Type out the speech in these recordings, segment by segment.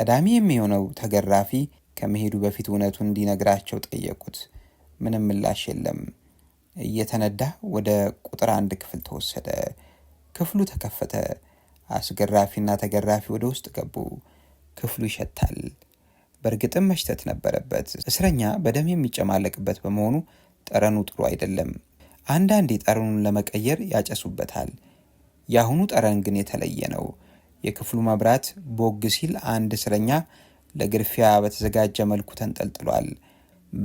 ቀዳሚ የሚሆነው ተገራፊ ከመሄዱ በፊት እውነቱን እንዲነግራቸው ጠየቁት። ምንም ምላሽ የለም። እየተነዳ ወደ ቁጥር አንድ ክፍል ተወሰደ። ክፍሉ ተከፈተ። አስገራፊና ተገራፊ ወደ ውስጥ ገቡ። ክፍሉ ይሸታል። በእርግጥም መሽተት ነበረበት። እስረኛ በደም የሚጨማለቅበት በመሆኑ ጠረኑ ጥሩ አይደለም። አንዳንዴ ጠረኑን ለመቀየር ያጨሱበታል። የአሁኑ ጠረን ግን የተለየ ነው። የክፍሉ መብራት ቦግ ሲል አንድ እስረኛ ለግርፊያ በተዘጋጀ መልኩ ተንጠልጥሏል።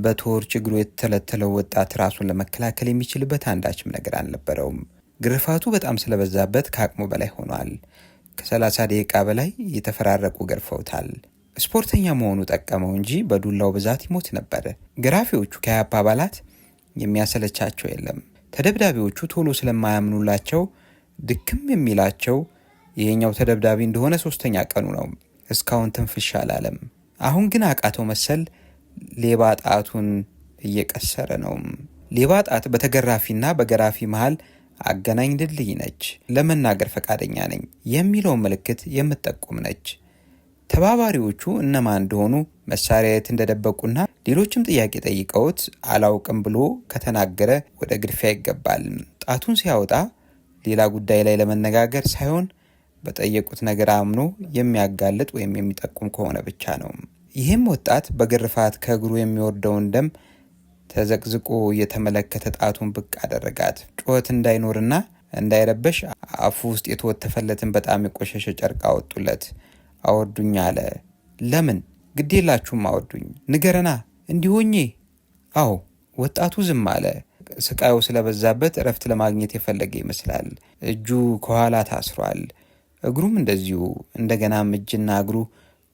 በቶርች እግሩ የተተለተለው ወጣት ራሱን ለመከላከል የሚችልበት አንዳችም ነገር አልነበረውም። ግርፋቱ በጣም ስለበዛበት ከአቅሙ በላይ ሆኗል። ከ30 ደቂቃ በላይ የተፈራረቁ ገርፈውታል። ስፖርተኛ መሆኑ ጠቀመው እንጂ በዱላው ብዛት ይሞት ነበር። ገራፊዎቹ ከያፓ አባላት የሚያሰለቻቸው የለም። ተደብዳቢዎቹ ቶሎ ስለማያምኑላቸው ድክም የሚላቸው ይሄኛው ተደብዳቢ እንደሆነ ሶስተኛ ቀኑ ነው። እስካሁን ትንፍሻ አላለም። አሁን ግን አቃተው መሰል ሌባ ጣቱን እየቀሰረ ነው። ሌባ ጣት በተገራፊና በገራፊ መሃል አገናኝ ድልድይ ነች። ለመናገር ፈቃደኛ ነኝ የሚለውን ምልክት የምትጠቁም ነች። ተባባሪዎቹ እነማን እንደሆኑ መሳሪያ የት እንደደበቁና ሌሎችም ጥያቄ ጠይቀውት አላውቅም ብሎ ከተናገረ ወደ ግድፊያ ይገባል። ጣቱን ሲያወጣ ሌላ ጉዳይ ላይ ለመነጋገር ሳይሆን በጠየቁት ነገር አምኖ የሚያጋልጥ ወይም የሚጠቁም ከሆነ ብቻ ነው። ይህም ወጣት በግርፋት ከእግሩ የሚወርደውን ደም ተዘቅዝቆ እየተመለከተ ጣቱን ብቅ አደረጋት። ጩኸት እንዳይኖርና እንዳይረበሽ አፉ ውስጥ የተወተፈለትን በጣም የቆሸሸ ጨርቅ አወጡለት። አወርዱኝ አለ። ለምን? የላችሁም አወርዱኝ፣ ንገረና እንዲሆኜ። አዎ። ወጣቱ ዝም አለ። ስቃዩ ስለበዛበት እረፍት ለማግኘት የፈለገ ይመስላል። እጁ ከኋላ ታስሯል። እግሩም እንደዚሁ እንደገናም እጅና እግሩ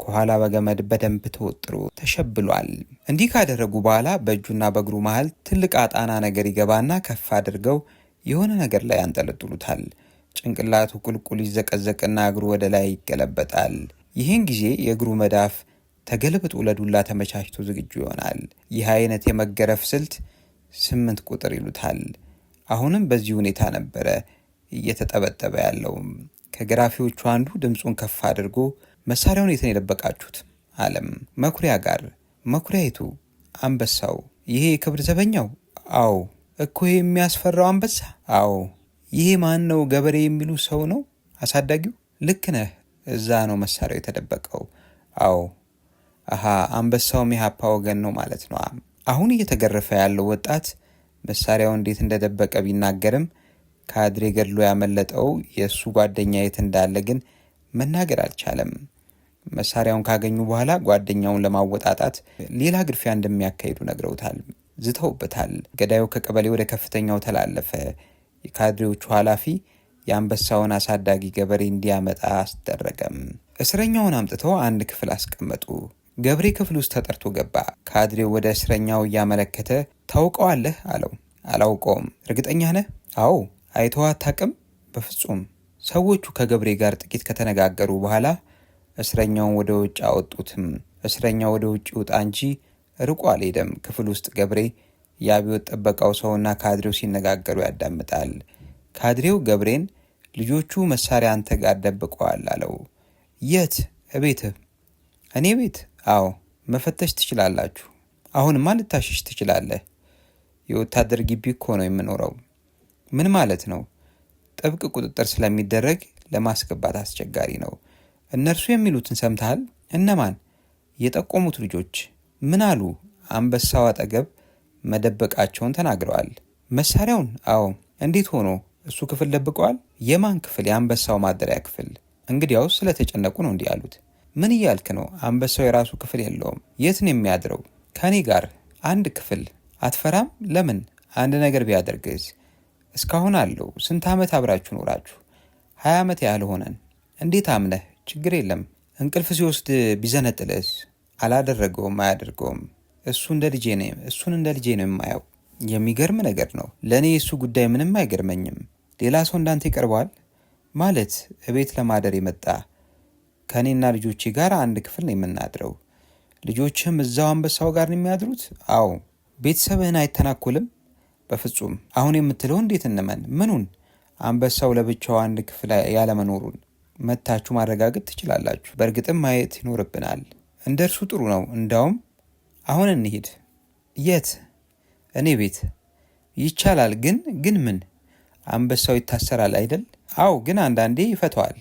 ከኋላ በገመድ በደንብ ተወጥሮ ተሸብሏል። እንዲህ ካደረጉ በኋላ በእጁና በእግሩ መሀል ትልቅ አጣና ነገር ይገባና ከፍ አድርገው የሆነ ነገር ላይ ያንጠለጥሉታል። ጭንቅላቱ ቁልቁል ይዘቀዘቅና እግሩ ወደ ላይ ይገለበጣል። ይህን ጊዜ የእግሩ መዳፍ ተገልብጦ ለዱላ ተመቻችቶ ዝግጁ ይሆናል። ይህ አይነት የመገረፍ ስልት ስምንት ቁጥር ይሉታል። አሁንም በዚህ ሁኔታ ነበረ እየተጠበጠበ ያለውም። ከገራፊዎቹ አንዱ ድምፁን ከፍ አድርጎ መሳሪያውን የትን የደበቃችሁት? አለም መኩሪያ ጋር መኩሪያይቱ አንበሳው ይሄ የክብር ዘበኛው? አዎ እኮ ይሄ የሚያስፈራው አንበሳ። አዎ ይሄ ማን ነው? ገበሬ የሚሉ ሰው ነው አሳዳጊው። ልክ ነህ፣ እዛ ነው መሳሪያው የተደበቀው። አዎ አሀ አንበሳውም የሀፓ ወገን ነው ማለት ነው። አሁን እየተገረፈ ያለው ወጣት መሳሪያው እንዴት እንደደበቀ ቢናገርም ካድሬ ገድሎ ያመለጠው የእሱ ጓደኛ የት እንዳለ ግን መናገር አልቻለም። መሳሪያውን ካገኙ በኋላ ጓደኛውን ለማወጣጣት ሌላ ግርፊያ እንደሚያካሂዱ ነግረውታል፣ ዝተውበታል። ገዳዩ ከቀበሌ ወደ ከፍተኛው ተላለፈ። የካድሬዎቹ ኃላፊ የአንበሳውን አሳዳጊ ገበሬ እንዲያመጣ አስደረገም። እስረኛውን አምጥተው አንድ ክፍል አስቀመጡ። ገብሬ ክፍል ውስጥ ተጠርቶ ገባ። ካድሬው ወደ እስረኛው እያመለከተ ታውቀዋለህ አለው። አላውቀውም። እርግጠኛ ነህ? አዎ አይተዋ አታውቅም? በፍጹም። ሰዎቹ ከገብሬ ጋር ጥቂት ከተነጋገሩ በኋላ እስረኛውን ወደ ውጭ አወጡትም። እስረኛው ወደ ውጭ ውጣ እንጂ ርቆ አልሄደም። ክፍል ውስጥ ገብሬ የአብዮት ጠበቃው ሰውና ካድሬው ሲነጋገሩ ያዳምጣል። ካድሬው ገብሬን ልጆቹ መሳሪያ አንተ ጋር ደብቀዋል አለው። የት? እቤትህ። እኔ ቤት? አዎ። መፈተሽ ትችላላችሁ። አሁንማ ልታሸሽ ትችላለህ። የወታደር ግቢ እኮ ነው የምኖረው። ምን ማለት ነው? ጥብቅ ቁጥጥር ስለሚደረግ ለማስገባት አስቸጋሪ ነው። እነርሱ የሚሉትን ሰምተሃል? እነማን? የጠቆሙት ልጆች ምን አሉ? አንበሳው አጠገብ መደበቃቸውን ተናግረዋል። መሳሪያውን? አዎ። እንዴት ሆኖ? እሱ ክፍል ደብቀዋል። የማን ክፍል? የአንበሳው ማደሪያ ክፍል። እንግዲያውስ ስለተጨነቁ ነው እንዲህ አሉት። ምን እያልክ ነው? አንበሳው የራሱ ክፍል የለውም። የት ነው የሚያድረው? ከእኔ ጋር አንድ ክፍል። አትፈራም? ለምን? አንድ ነገር ቢያደርግስ? እስካሁን አለው። ስንት ዓመት አብራችሁ ኖራችሁ? ሀያ ዓመት ያህል ሆነን። እንዴት አምነህ? ችግር የለም እንቅልፍ ሲወስድ ቢዘነጥልስ? አላደረገውም፣ አያደርገውም። እሱ እንደ ልጄ ነው፣ እሱን እንደ ልጄ ነው የማየው። የሚገርም ነገር ነው። ለእኔ የእሱ ጉዳይ ምንም አይገርመኝም። ሌላ ሰው እንዳንተ ይቀርበዋል ማለት እቤት ለማደር የመጣ ከእኔና ልጆቼ ጋር አንድ ክፍል ነው የምናድረው። ልጆችህም እዛው አንበሳው ጋር ነው የሚያድሩት? አዎ። ቤተሰብህን አይተናኮልም? በፍጹም አሁን የምትለው እንዴት እንመን? ምኑን? አንበሳው ለብቻው አንድ ክፍል ያለመኖሩን መታችሁ ማረጋገጥ ትችላላችሁ። በእርግጥም ማየት ይኖርብናል። እንደ እርሱ ጥሩ ነው። እንዳውም አሁን እንሂድ። የት? እኔ ቤት ይቻላል። ግን ግን ምን? አንበሳው ይታሰራል አይደል? አዎ፣ ግን አንዳንዴ ይፈተዋል።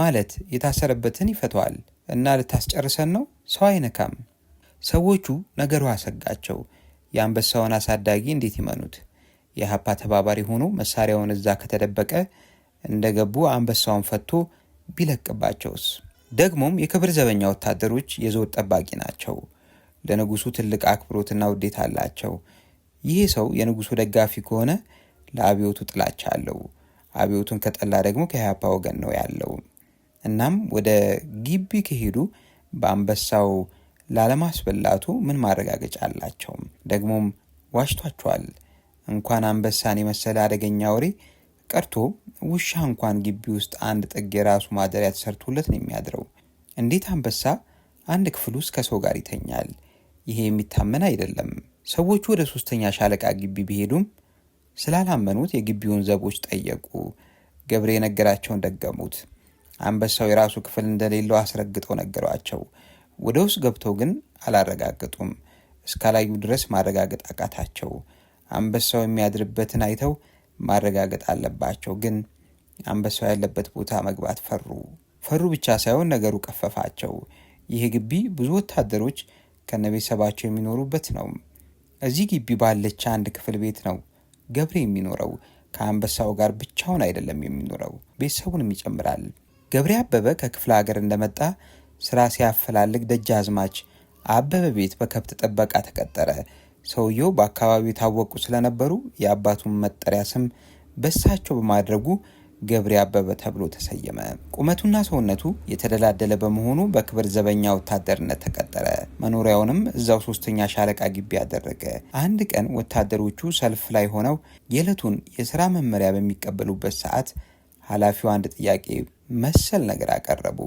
ማለት የታሰረበትን ይፈተዋል። እና ልታስጨርሰን ነው? ሰው አይነካም። ሰዎቹ ነገሩ አሰጋቸው። የአንበሳውን አሳዳጊ እንዴት ይመኑት? የሀፓ ተባባሪ ሆኖ መሳሪያውን እዛ ከተደበቀ እንደገቡ አንበሳውን ፈቶ ቢለቅባቸውስ? ደግሞም የክብር ዘበኛ ወታደሮች የዘውድ ጠባቂ ናቸው። ለንጉሱ ትልቅ አክብሮትና ውዴታ አላቸው። ይህ ሰው የንጉሱ ደጋፊ ከሆነ ለአብዮቱ ጥላቻ አለው። አብዮቱን ከጠላ ደግሞ ከኢህአፓ ወገን ነው ያለው። እናም ወደ ግቢ ከሄዱ በአንበሳው ላለማስበላቱ ምን ማረጋገጫ አላቸውም? ደግሞም ዋሽቷቸዋል። እንኳን አንበሳን የመሰለ አደገኛ ወሬ ቀርቶ ውሻ እንኳን ግቢ ውስጥ አንድ ጥግ የራሱ ማደሪያ ተሰርቶለት ነው የሚያድረው። እንዴት አንበሳ አንድ ክፍል ውስጥ ከሰው ጋር ይተኛል? ይሄ የሚታመን አይደለም። ሰዎቹ ወደ ሶስተኛ ሻለቃ ግቢ ቢሄዱም ስላላመኑት የግቢውን ዘቦች ጠየቁ። ገብሬ የነገራቸውን ደገሙት። አንበሳው የራሱ ክፍል እንደሌለው አስረግጠው ነገሯቸው። ወደ ውስጥ ገብተው ግን አላረጋገጡም። እስካላዩ ድረስ ማረጋገጥ አቃታቸው። አንበሳው የሚያድርበትን አይተው ማረጋገጥ አለባቸው፣ ግን አንበሳው ያለበት ቦታ መግባት ፈሩ። ፈሩ ብቻ ሳይሆን ነገሩ ቀፈፋቸው። ይህ ግቢ ብዙ ወታደሮች ከነቤተሰባቸው የሚኖሩበት ነው። እዚህ ግቢ ባለች አንድ ክፍል ቤት ነው ገብሬ የሚኖረው። ከአንበሳው ጋር ብቻውን አይደለም የሚኖረው፣ ቤተሰቡንም ይጨምራል። ገብሬ አበበ ከክፍለ ሀገር እንደመጣ ስራ ሲያፈላልግ ደጃዝማች አበበ ቤት በከብት ጥበቃ ተቀጠረ። ሰውየው በአካባቢው የታወቁ ስለነበሩ የአባቱን መጠሪያ ስም በሳቸው በማድረጉ ገብሬ አበበ ተብሎ ተሰየመ። ቁመቱና ሰውነቱ የተደላደለ በመሆኑ በክብር ዘበኛ ወታደርነት ተቀጠረ። መኖሪያውንም እዛው ሶስተኛ ሻለቃ ግቢ አደረገ። አንድ ቀን ወታደሮቹ ሰልፍ ላይ ሆነው የዕለቱን የስራ መመሪያ በሚቀበሉበት ሰዓት ኃላፊው አንድ ጥያቄ መሰል ነገር አቀረቡ።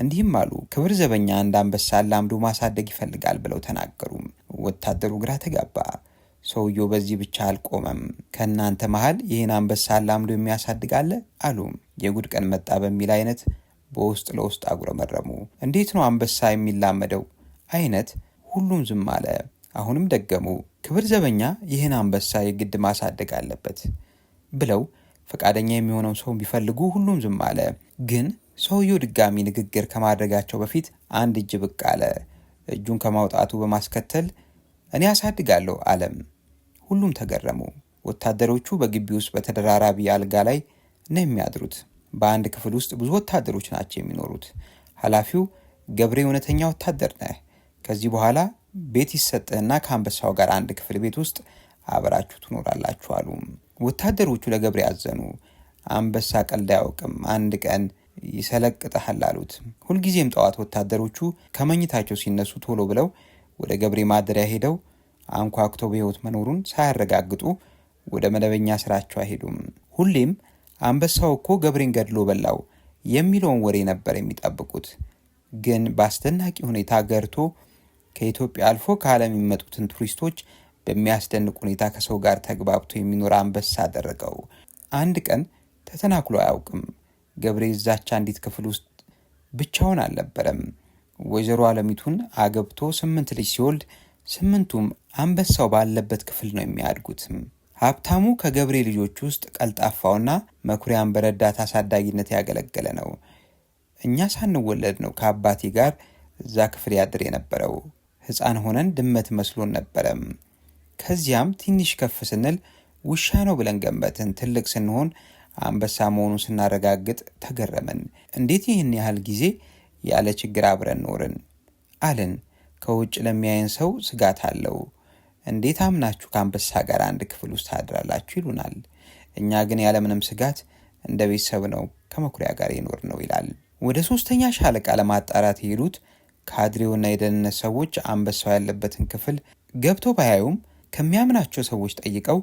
እንዲህም አሉ። ክብር ዘበኛ አንድ አንበሳ ላምዶ ማሳደግ ይፈልጋል ብለው ተናገሩም። ወታደሩ ግራ ተጋባ። ሰውየው በዚህ ብቻ አልቆመም። ከእናንተ መሀል ይህን አንበሳ ላምዶ የሚያሳድግ አለ አሉ። የጉድ ቀን መጣ በሚል አይነት በውስጥ ለውስጥ አጉረመረሙ። እንዴት ነው አንበሳ የሚላመደው አይነት ሁሉም ዝም አለ። አሁንም ደገሙ። ክብር ዘበኛ ይህን አንበሳ የግድ ማሳደግ አለበት ብለው ፈቃደኛ የሚሆነው ሰው ቢፈልጉ ሁሉም ዝም አለ። ግን ሰውየው ድጋሚ ንግግር ከማድረጋቸው በፊት አንድ እጅ ብቅ አለ። እጁን ከማውጣቱ በማስከተል እኔ አሳድጋለሁ አለም። ሁሉም ተገረሙ። ወታደሮቹ በግቢ ውስጥ በተደራራቢ አልጋ ላይ ነው የሚያድሩት። በአንድ ክፍል ውስጥ ብዙ ወታደሮች ናቸው የሚኖሩት። ኃላፊው ገብሬ እውነተኛ ወታደር ነህ፣ ከዚህ በኋላ ቤት ይሰጥህና ከአንበሳው ጋር አንድ ክፍል ቤት ውስጥ አብራችሁ ትኖራላችሁ አሉ። ወታደሮቹ ለገብሬ አዘኑ። አንበሳ ቀልድ አያውቅም። አንድ ቀን ይሰለቅጠሃል አሉት። ሁልጊዜም ጠዋት ወታደሮቹ ከመኝታቸው ሲነሱ ቶሎ ብለው ወደ ገብሬ ማደሪያ ሄደው አንኳክቶ በሕይወት መኖሩን ሳያረጋግጡ ወደ መደበኛ ስራቸው አይሄዱም። ሁሌም አንበሳው እኮ ገብሬን ገድሎ በላው የሚለውን ወሬ ነበር የሚጠብቁት። ግን በአስደናቂ ሁኔታ ገርቶ ከኢትዮጵያ አልፎ ከዓለም የሚመጡትን ቱሪስቶች በሚያስደንቅ ሁኔታ ከሰው ጋር ተግባብቶ የሚኖር አንበሳ አደረገው። አንድ ቀን ተተናክሎ አያውቅም። ገብሬ እዛች አንዲት ክፍል ውስጥ ብቻውን አልነበረም። ወይዘሮ አለሚቱን አገብቶ ስምንት ልጅ ሲወልድ ስምንቱም አንበሳው ባለበት ክፍል ነው የሚያድጉት። ሀብታሙ ከገብሬ ልጆች ውስጥ ቀልጣፋውና መኩሪያን በረዳት አሳዳጊነት ያገለገለ ነው። እኛ ሳንወለድ ነው ከአባቴ ጋር እዛ ክፍል ያድር የነበረው። ሕፃን ሆነን ድመት መስሎን ነበረም። ከዚያም ትንሽ ከፍ ስንል ውሻ ነው ብለን ገመትን። ትልቅ ስንሆን አንበሳ መሆኑን ስናረጋግጥ ተገረመን እንዴት ይህን ያህል ጊዜ ያለ ችግር አብረን ኖርን አልን። ከውጭ ለሚያየን ሰው ስጋት አለው። እንዴት አምናችሁ ከአንበሳ ጋር አንድ ክፍል ውስጥ ታድራላችሁ ይሉናል። እኛ ግን ያለምንም ስጋት እንደ ቤተሰብ ነው ከመኩሪያ ጋር ይኖር ነው ይላል። ወደ ሶስተኛ ሻለቃ ለማጣራት የሄዱት ካድሬውና የደህንነት ሰዎች አንበሳው ያለበትን ክፍል ገብቶ ባያዩም ከሚያምናቸው ሰዎች ጠይቀው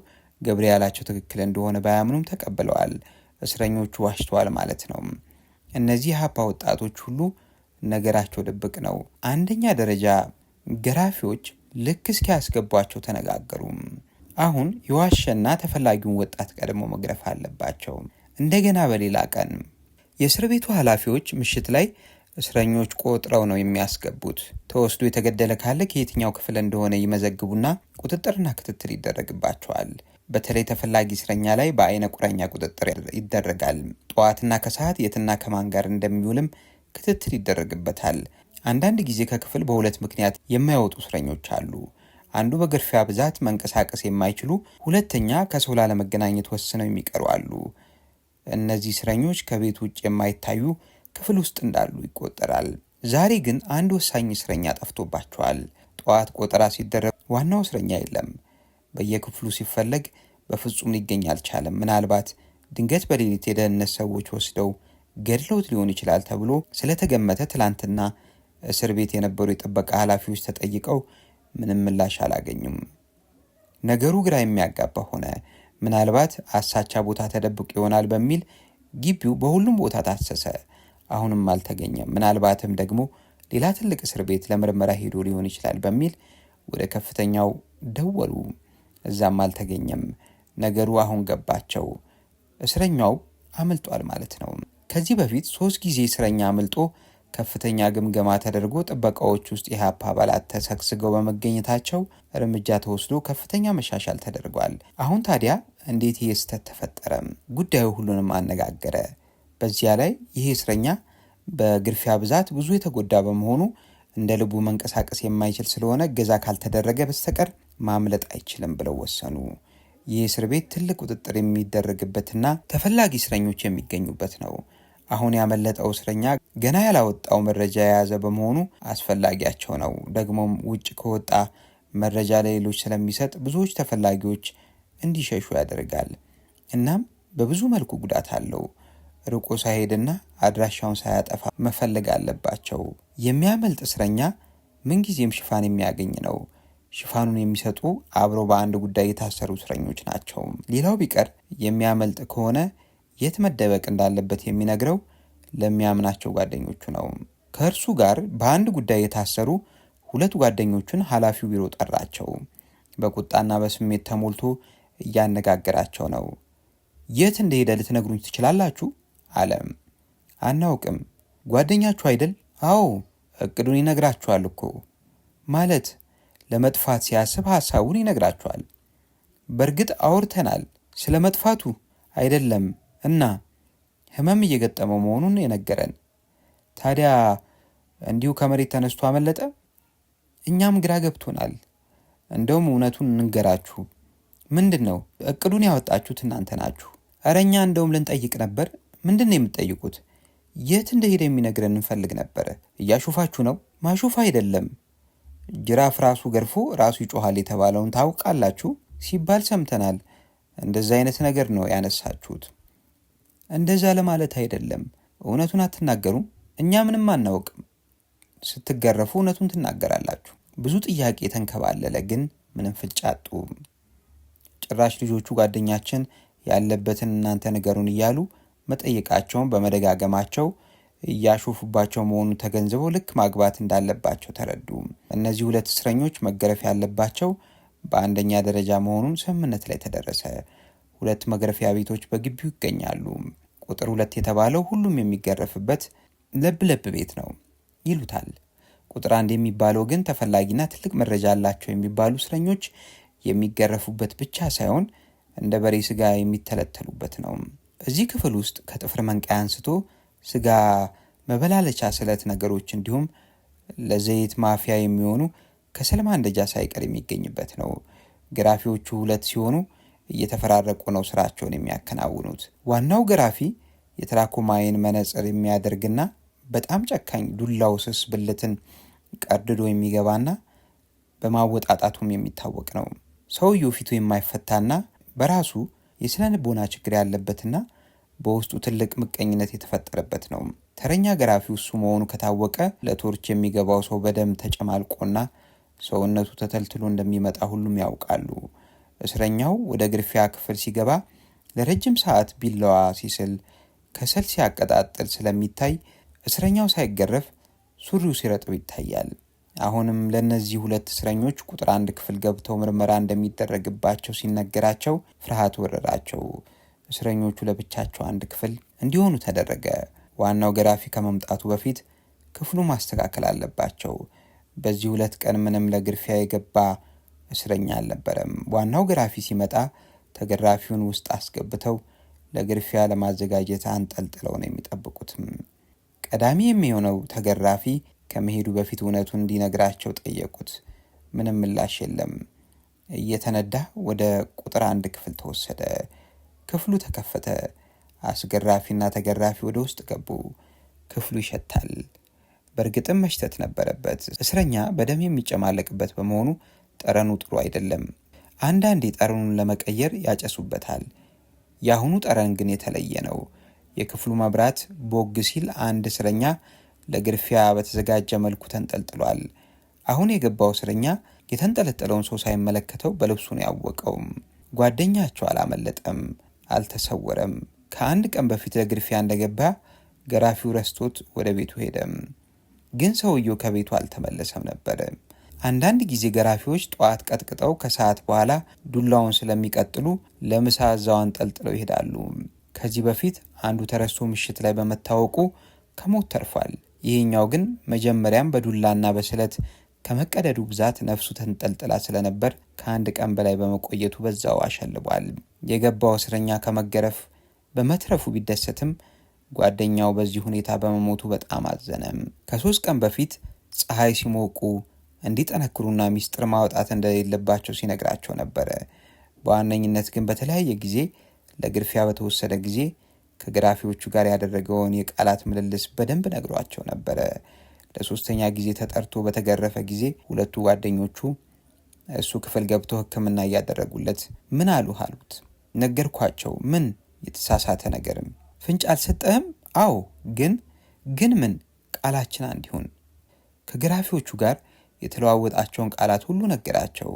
ያላቸው ትክክል እንደሆነ ባያምኑም ተቀብለዋል። እስረኞቹ ዋሽተዋል ማለት ነው። እነዚህ ሀፓ ወጣቶች ሁሉ ነገራቸው ድብቅ ነው። አንደኛ ደረጃ ገራፊዎች ልክ እስኪያስገቧቸው ተነጋገሩ። አሁን የዋሸና ተፈላጊውን ወጣት ቀድሞ መግረፍ አለባቸው። እንደገና በሌላ ቀን የእስር ቤቱ ኃላፊዎች ምሽት ላይ እስረኞች ቆጥረው ነው የሚያስገቡት። ተወስዶ የተገደለ ካለ ከየትኛው ክፍል እንደሆነ ይመዘግቡና ቁጥጥርና ክትትል ይደረግባቸዋል። በተለይ ተፈላጊ እስረኛ ላይ በአይነ ቁረኛ ቁጥጥር ይደረጋል። ጠዋትና ከሰዓት የትና ከማን ጋር እንደሚውልም ክትትል ይደረግበታል። አንዳንድ ጊዜ ከክፍል በሁለት ምክንያት የማይወጡ እስረኞች አሉ። አንዱ በግርፊያ ብዛት መንቀሳቀስ የማይችሉ፣ ሁለተኛ ከሰው ላለመገናኘት ወስነው የሚቀሩ አሉ። እነዚህ እስረኞች ከቤት ውጭ የማይታዩ ክፍል ውስጥ እንዳሉ ይቆጠራል። ዛሬ ግን አንድ ወሳኝ እስረኛ ጠፍቶባቸዋል። ጠዋት ቆጠራ ሲደረግ ዋናው እስረኛ የለም። በየክፍሉ ሲፈለግ በፍጹም ሊገኝ አልቻለም። ምናልባት ድንገት በሌሊት የደህንነት ሰዎች ወስደው ገድለውት ሊሆን ይችላል ተብሎ ስለተገመተ ትላንትና እስር ቤት የነበሩ የጥበቃ ኃላፊዎች ተጠይቀው ምንም ምላሽ አላገኙም። ነገሩ ግራ የሚያጋባ ሆነ። ምናልባት አሳቻ ቦታ ተደብቆ ይሆናል በሚል ግቢው በሁሉም ቦታ ታሰሰ። አሁንም አልተገኘም። ምናልባትም ደግሞ ሌላ ትልቅ እስር ቤት ለምርመራ ሄዶ ሊሆን ይችላል በሚል ወደ ከፍተኛው ደወሉ። እዛም አልተገኘም። ነገሩ አሁን ገባቸው። እስረኛው አምልጧል ማለት ነው። ከዚህ በፊት ሶስት ጊዜ እስረኛ አምልጦ ከፍተኛ ግምገማ ተደርጎ ጥበቃዎች ውስጥ የሀፕ አባላት ተሰግስገው በመገኘታቸው እርምጃ ተወስዶ ከፍተኛ መሻሻል ተደርጓል። አሁን ታዲያ እንዴት ይህ ስህተት ተፈጠረ? ጉዳዩ ሁሉንም አነጋገረ። በዚያ ላይ ይህ እስረኛ በግርፊያ ብዛት ብዙ የተጎዳ በመሆኑ እንደ ልቡ መንቀሳቀስ የማይችል ስለሆነ እገዛ ካልተደረገ በስተቀር ማምለጥ አይችልም ብለው ወሰኑ። ይህ እስር ቤት ትልቅ ቁጥጥር የሚደረግበትና ተፈላጊ እስረኞች የሚገኙበት ነው። አሁን ያመለጠው እስረኛ ገና ያላወጣው መረጃ የያዘ በመሆኑ አስፈላጊያቸው ነው። ደግሞም ውጭ ከወጣ መረጃ ለሌሎች ስለሚሰጥ ብዙዎች ተፈላጊዎች እንዲሸሹ ያደርጋል። እናም በብዙ መልኩ ጉዳት አለው። ርቆ ሳይሄድና አድራሻውን ሳያጠፋ መፈለግ አለባቸው። የሚያመልጥ እስረኛ ምንጊዜም ሽፋን የሚያገኝ ነው። ሽፋኑን የሚሰጡ አብሮ በአንድ ጉዳይ የታሰሩ እስረኞች ናቸው። ሌላው ቢቀር የሚያመልጥ ከሆነ የት መደበቅ እንዳለበት የሚነግረው ለሚያምናቸው ጓደኞቹ ነው። ከእርሱ ጋር በአንድ ጉዳይ የታሰሩ ሁለት ጓደኞቹን ኃላፊው ቢሮ ጠራቸው። በቁጣና በስሜት ተሞልቶ እያነጋገራቸው ነው። የት እንደሄደ ልትነግሩኝ ትችላላችሁ? አለ። አናውቅም። ጓደኛችሁ አይደል? አዎ፣ እቅዱን ይነግራችኋል እኮ ማለት ለመጥፋት ሲያስብ ሐሳቡን ይነግራችኋል። በእርግጥ አውርተናል ስለ መጥፋቱ አይደለም እና ህመም እየገጠመው መሆኑን የነገረን። ታዲያ እንዲሁ ከመሬት ተነስቶ አመለጠ? እኛም ግራ ገብቶናል። እንደውም እውነቱን እንንገራችሁ፣ ምንድን ነው እቅዱን ያወጣችሁት እናንተ ናችሁ። እረ እኛ እንደውም ልንጠይቅ ነበር ምንድን ነው የምትጠይቁት? የት እንደሄደ የሚነግረን እንፈልግ ነበረ። እያሾፋችሁ ነው። ማሾፍ አይደለም። ጅራፍ ራሱ ገርፎ ራሱ ይጮኋል የተባለውን ታውቃላችሁ ሲባል ሰምተናል። እንደዛ አይነት ነገር ነው ያነሳችሁት። እንደዛ ለማለት አይደለም። እውነቱን አትናገሩም። እኛ ምንም አናውቅም። ስትገረፉ እውነቱን ትናገራላችሁ። ብዙ ጥያቄ የተንከባለለ ግን ምንም ፍንጭ አጡም። ጭራሽ ልጆቹ ጓደኛችን ያለበትን እናንተ ንገሩን እያሉ መጠየቃቸውን በመደጋገማቸው እያሾፉባቸው መሆኑን ተገንዝበው ልክ ማግባት እንዳለባቸው ተረዱ። እነዚህ ሁለት እስረኞች መገረፍ ያለባቸው በአንደኛ ደረጃ መሆኑን ስምምነት ላይ ተደረሰ። ሁለት መግረፊያ ቤቶች በግቢው ይገኛሉ። ቁጥር ሁለት የተባለው ሁሉም የሚገረፍበት ለብ ለብ ቤት ነው ይሉታል። ቁጥር አንድ የሚባለው ግን ተፈላጊና ትልቅ መረጃ አላቸው የሚባሉ እስረኞች የሚገረፉበት ብቻ ሳይሆን እንደ በሬ ስጋ የሚተለተሉበት ነው። በዚህ ክፍል ውስጥ ከጥፍር መንቀያ አንስቶ ስጋ መበላለቻ ስለት ነገሮች እንዲሁም ለዘይት ማፊያ የሚሆኑ ከሰል ማንደጃ ሳይቀር የሚገኝበት ነው። ገራፊዎቹ ሁለት ሲሆኑ እየተፈራረቁ ነው ስራቸውን የሚያከናውኑት። ዋናው ገራፊ የትራኮማይን መነጽር የሚያደርግና በጣም ጨካኝ፣ ዱላው ስስ ብልትን ቀርድዶ የሚገባና በማወጣጣቱም የሚታወቅ ነው። ሰውየው ፊቱ የማይፈታና በራሱ የስነ ልቦና ችግር ያለበትና በውስጡ ትልቅ ምቀኝነት የተፈጠረበት ነው። ተረኛ ገራፊው እሱ መሆኑ ከታወቀ ለቶርች የሚገባው ሰው በደም ተጨማልቆና ሰውነቱ ተተልትሎ እንደሚመጣ ሁሉም ያውቃሉ። እስረኛው ወደ ግርፊያ ክፍል ሲገባ ለረጅም ሰዓት ቢላዋ ሲስል፣ ከሰል ሲያቀጣጥል ስለሚታይ እስረኛው ሳይገረፍ ሱሪው ሲረጥብ ይታያል። አሁንም ለእነዚህ ሁለት እስረኞች ቁጥር አንድ ክፍል ገብተው ምርመራ እንደሚደረግባቸው ሲነገራቸው ፍርሃት ወረራቸው። እስረኞቹ ለብቻቸው አንድ ክፍል እንዲሆኑ ተደረገ። ዋናው ገራፊ ከመምጣቱ በፊት ክፍሉ ማስተካከል አለባቸው። በዚህ ሁለት ቀን ምንም ለግርፊያ የገባ እስረኛ አልነበረም። ዋናው ገራፊ ሲመጣ ተገራፊውን ውስጥ አስገብተው ለግርፊያ ለማዘጋጀት አንጠልጥለው ነው የሚጠብቁትም። ቀዳሚ የሚሆነው ተገራፊ ከመሄዱ በፊት እውነቱ እንዲነግራቸው ጠየቁት። ምንም ምላሽ የለም። እየተነዳ ወደ ቁጥር አንድ ክፍል ተወሰደ። ክፍሉ ተከፈተ። አስገራፊና ተገራፊ ወደ ውስጥ ገቡ። ክፍሉ ይሸታል። በእርግጥም መሽተት ነበረበት። እስረኛ በደም የሚጨማለቅበት በመሆኑ ጠረኑ ጥሩ አይደለም። አንዳንዴ ጠረኑን ለመቀየር ያጨሱበታል። የአሁኑ ጠረን ግን የተለየ ነው። የክፍሉ መብራት ቦግ ሲል አንድ እስረኛ ለግርፊያ በተዘጋጀ መልኩ ተንጠልጥሏል። አሁን የገባው እስረኛ የተንጠለጠለውን ሰው ሳይመለከተው በልብሱ ነው ያወቀውም። ጓደኛቸው አላመለጠም፣ አልተሰወረም። ከአንድ ቀን በፊት ለግርፊያ እንደገባ ገራፊው ረስቶት ወደ ቤቱ ሄደም። ግን ሰውየው ከቤቱ አልተመለሰም ነበር። አንዳንድ ጊዜ ገራፊዎች ጠዋት ቀጥቅጠው ከሰዓት በኋላ ዱላውን ስለሚቀጥሉ ለምሳ እዛዋን አንጠልጥለው ይሄዳሉ። ከዚህ በፊት አንዱ ተረስቶ ምሽት ላይ በመታወቁ ከሞት ተርፏል። ይህኛው ግን መጀመሪያም በዱላና በስለት ከመቀደዱ ብዛት ነፍሱ ተንጠልጥላ ስለነበር ከአንድ ቀን በላይ በመቆየቱ በዛው አሸልቧል። የገባው እስረኛ ከመገረፍ በመትረፉ ቢደሰትም ጓደኛው በዚህ ሁኔታ በመሞቱ በጣም አዘነም። ከሶስት ቀን በፊት ፀሐይ ሲሞቁ እንዲጠነክሩና ሚስጥር ማውጣት እንደሌለባቸው ሲነግራቸው ነበረ። በዋነኝነት ግን በተለያየ ጊዜ ለግርፊያ በተወሰደ ጊዜ ከገራፊዎቹ ጋር ያደረገውን የቃላት ምልልስ በደንብ ነግሯቸው ነበረ። ለሶስተኛ ጊዜ ተጠርቶ በተገረፈ ጊዜ ሁለቱ ጓደኞቹ እሱ ክፍል ገብቶ ሕክምና እያደረጉለት ምን አሉህ አሉት። ነገርኳቸው። ምን የተሳሳተ ነገርም ፍንጭ አልሰጠህም? አዎ። ግን ግን ምን ቃላችን አንዲሁን። ከገራፊዎቹ ጋር የተለዋወጣቸውን ቃላት ሁሉ ነገራቸው።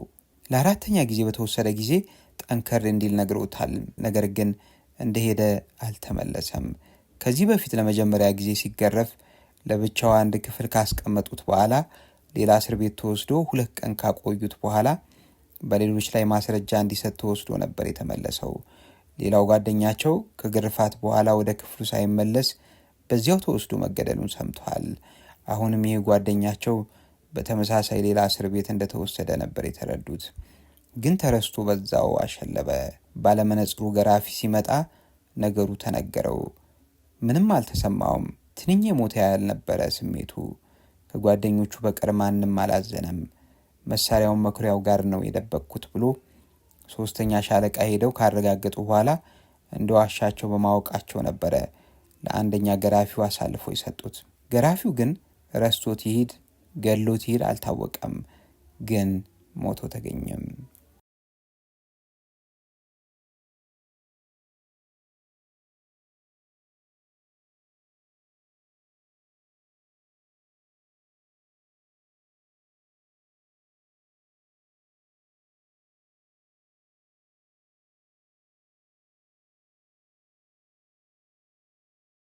ለአራተኛ ጊዜ በተወሰደ ጊዜ ጠንከር እንዲል ነግሮታል። ነገር ግን እንደሄደ አልተመለሰም። ከዚህ በፊት ለመጀመሪያ ጊዜ ሲገረፍ ለብቻው አንድ ክፍል ካስቀመጡት በኋላ ሌላ እስር ቤት ተወስዶ ሁለት ቀን ካቆዩት በኋላ በሌሎች ላይ ማስረጃ እንዲሰጥ ተወስዶ ነበር የተመለሰው። ሌላው ጓደኛቸው ከግርፋት በኋላ ወደ ክፍሉ ሳይመለስ በዚያው ተወስዶ መገደሉን ሰምቷል። አሁንም ይህ ጓደኛቸው በተመሳሳይ ሌላ እስር ቤት እንደተወሰደ ነበር የተረዱት። ግን ተረስቶ በዛው አሸለበ። ባለመነጽሩ ገራፊ ሲመጣ ነገሩ ተነገረው። ምንም አልተሰማውም። ትንኝ የሞተ ያልነበረ ስሜቱ። ከጓደኞቹ በቀር ማንም አላዘነም። መሳሪያውን መኩሪያው ጋር ነው የደበቅኩት ብሎ ሶስተኛ ሻለቃ ሄደው ካረጋገጡ በኋላ እንደዋሻቸው በማወቃቸው ነበረ ለአንደኛ ገራፊው አሳልፎ የሰጡት። ገራፊው ግን ረስቶት ይሂድ ገሎት ይሂድ አልታወቀም፣ ግን ሞቶ ተገኘም።